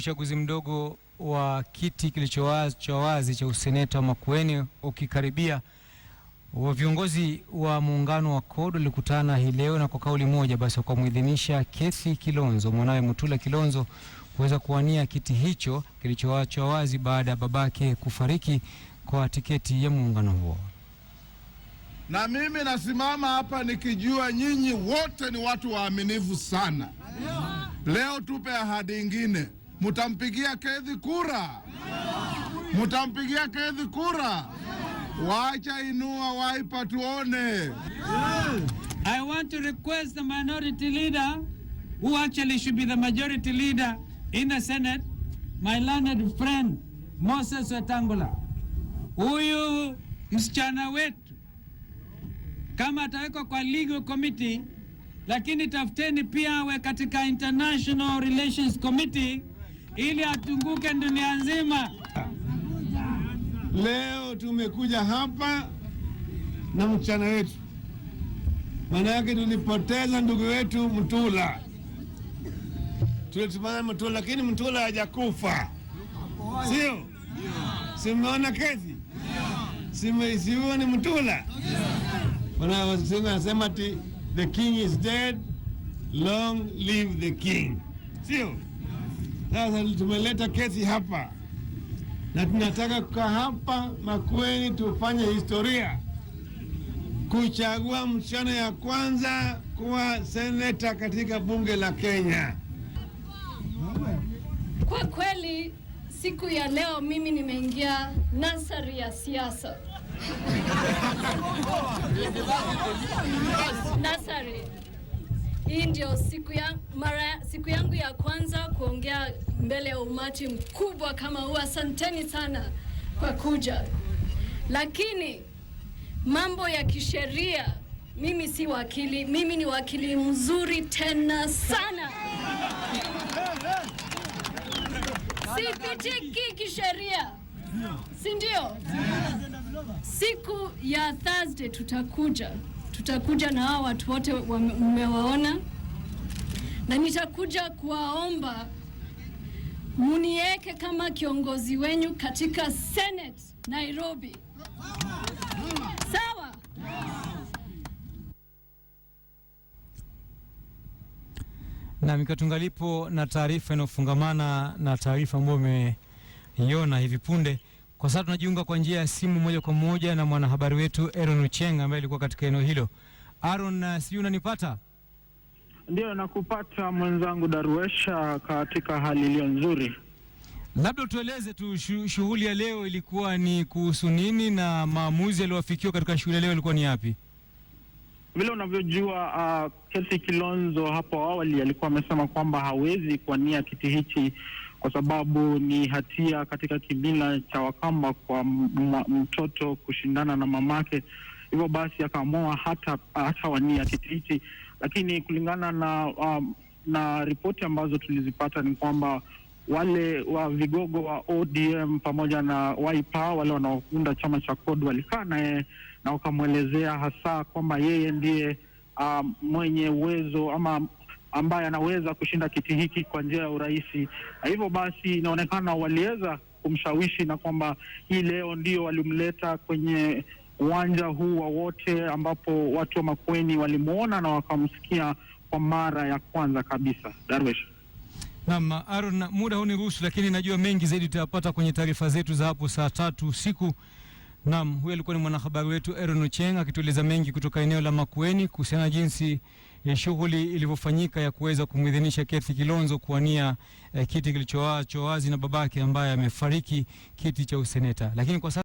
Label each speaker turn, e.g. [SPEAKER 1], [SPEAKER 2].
[SPEAKER 1] Uchaguzi mdogo wa kiti kilichowazi wazi cha useneta wa Makueni ukikaribia, wa viongozi wa muungano wa CORD walikutana hii leo na kwa kauli moja basi wakamwidhinisha Kethi Kilonzo mwanawe Mutula Kilonzo kuweza kuwania kiti hicho kilichowachwa wazi baada ya babake kufariki kwa tiketi ya muungano huo.
[SPEAKER 2] Na mimi nasimama hapa nikijua nyinyi wote ni watu waaminifu sana. Leo tupe ahadi ingine. Mutampigia Kedhi kura? Mutampigia Kedhi kura? Wacha inua waipa tuone.
[SPEAKER 3] I want to request the minority leader who actually should be the majority leader in the Senate, my learned friend Moses Wetangula. Huyu msichana wetu kama atawekwa kwa legal committee, lakini tafuteni pia awe katika international relations committee ili atunguke dunia nzima.
[SPEAKER 2] Leo tumekuja hapa na mchana wetu, maana yake tulipoteza ndugu wetu Mtula. Tulitumana Mtula, lakini Mtula hajakufa, sio? Simeona kesi ni Mtula anasema ati the king is dead, long live the king, sio? Sasa tumeleta kesi hapa na tunataka kukaa hapa Makueni tufanye historia kuchagua msichana ya kwanza kuwa seneta katika bunge la Kenya.
[SPEAKER 4] Kwa kweli siku ya leo mimi nimeingia nasari ya siasa nasari hii ndio siku ya mara siku yangu ya kwanza kuongea mbele ya umati mkubwa kama huu. Asanteni sana kwa kuja, lakini mambo ya kisheria, mimi si wakili, mimi ni wakili mzuri tena sana sipitiki kisheria, si ndio? Siku ya Thursday tutakuja tutakuja na hao watu wote mmewaona, na nitakuja kuwaomba munieke kama kiongozi wenyu katika Senate Nairobi. Sawa?
[SPEAKER 1] na katungalipo na taarifa inayofungamana na taarifa ambayo umeiona hivi punde. Kwa sasa tunajiunga kwa njia ya simu moja kwa moja na mwanahabari wetu Aaron Ucheng ambaye alikuwa katika eneo hilo. Aaron, uh, sijui unanipata?
[SPEAKER 5] Ndio, nakupata mwenzangu daruesha katika hali iliyo nzuri.
[SPEAKER 1] Labda tueleze tu shughuli ya leo ilikuwa ni kuhusu nini na maamuzi yaliyofikiwa katika shughuli ya leo ilikuwa ni yapi?
[SPEAKER 5] Vile unavyojua uh, Kesi Kilonzo hapo awali alikuwa amesema kwamba hawezi kuwania kiti hichi kwa sababu ni hatia katika kimila cha Wakamba kwa mtoto kushindana na mamake. Hivyo basi akaamua hata hata wania kiti hichi, lakini kulingana na um, na ripoti ambazo tulizipata ni kwamba wale wa vigogo wa ODM pamoja na Wiper wale wanaounda chama cha CORD walikaa naye na wakamwelezea hasa kwamba yeye ndiye um, mwenye uwezo ama ambaye anaweza kushinda kiti hiki kwa njia ya urahisi. Hivyo basi inaonekana waliweza kumshawishi na kwamba hii leo ndio walimleta kwenye uwanja huu wa wote, ambapo watu wa Makueni walimwona na wakamsikia kwa mara ya kwanza kabisa. Darwesh.
[SPEAKER 1] nam Aaron, muda ruhusu, lakini najua mengi zaidi tutayapata kwenye taarifa zetu za hapo saa tatu usiku. Naam, huyo alikuwa ni mwanahabari wetu Aaron Ocheng akitueleza mengi kutoka eneo la Makueni kuhusiana na jinsi eh, shughuli ilivyofanyika ya kuweza kumwidhinisha Kethi Kilonzo kuwania eh, kiti kilichoachwa wazi na babake ambaye amefariki kiti cha useneta. Lakini kwa sasa